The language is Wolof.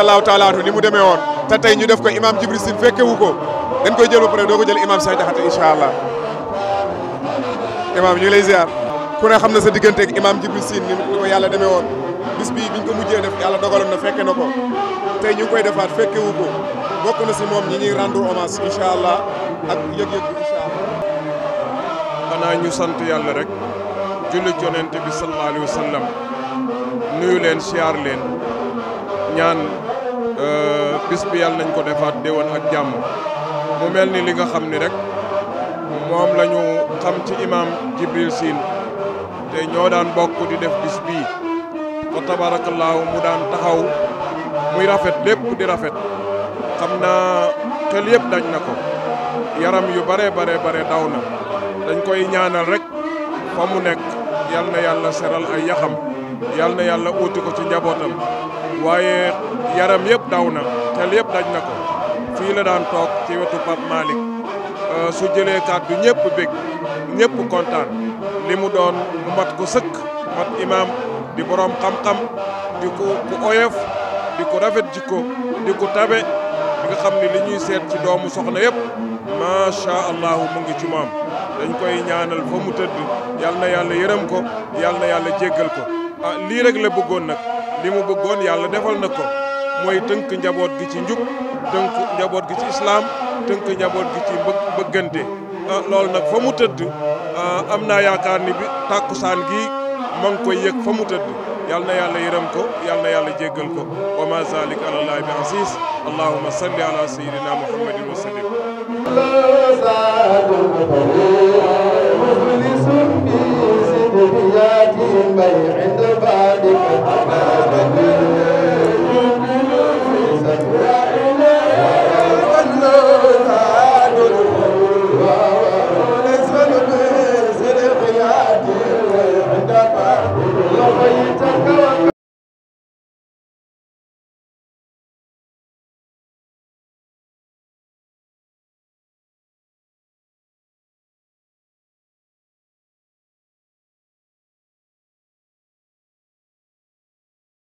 allahu taala anu mu demee woon te tey ñu def ko imam Jibril Sine fekkewu ko dañ koy jël doo ko jël imam Cheikh incha allah imam ñu lay ziar ku xam na sa diggante ak imam Jibril Sine ni ko yàlla demee woon bis bi biñ ko mujjee def yàlla dogaloon na fekke na ko tey ñu ngi koy defaat fekkewu ko bokk na si moom ñi ñuy rendre hommage incha allah ak yëg-yëg xanaa ñu sant yàlla rek julli yonent bi sallallahu alayhi wa nuyu leen siyaar leen ñaan euh, bis yàlla nañ ko defaat déwén ak jàmm mu mel ni li nga xam ni rek moom la ñu xam ci imam Jibril Sine te ñoo daan bokk di def bis bii fa tabaarakallaahu mu daan taxaw muy rafet lépp di rafet xam naa xel yëpp dañ na ko yaram yu bare bare bare daw na dañ koy ñaanal rek fa mu nekk yal na yàlla seral ay yaxam yal na yàlla uuti ko ci njabootam waaye yaram yëpp daw na tel yëpp daj na ko fii la daan toog ci wetu Pape Malick euh, su jëlee kàddu ñëpp bég ñëpp kontaan li mu doon mu mat ko sëkk mat imaam di borom xam-xam di ko ku oyof di ko rafet jikko di ko tabe di xam ne li ñuy seet ci doomu soxna yëpp macha allahu mu ngi ci moom dañ koy ñaanal fa mu tëdd yal na yàlla yërëm ko yal na yàlla jéggal ko ah, lii rek la bëggoon nag li mu bëggoon yàlla defal na ko mooy tënk njaboot gi ci njub tënk njaboot gi ci islaam tënk njaboot gi ci mbë bëggante ah, loolu nag fa mu tëdd ah, am naa yaakaar ni tàkkusaan gi ma ko koy yëg fa mu tëdd yal na yàlla yërëm ko yal na yàlla jéggal ko wa ma zalik ala llahi bi salli ala sayyidina muhammadin wa sallim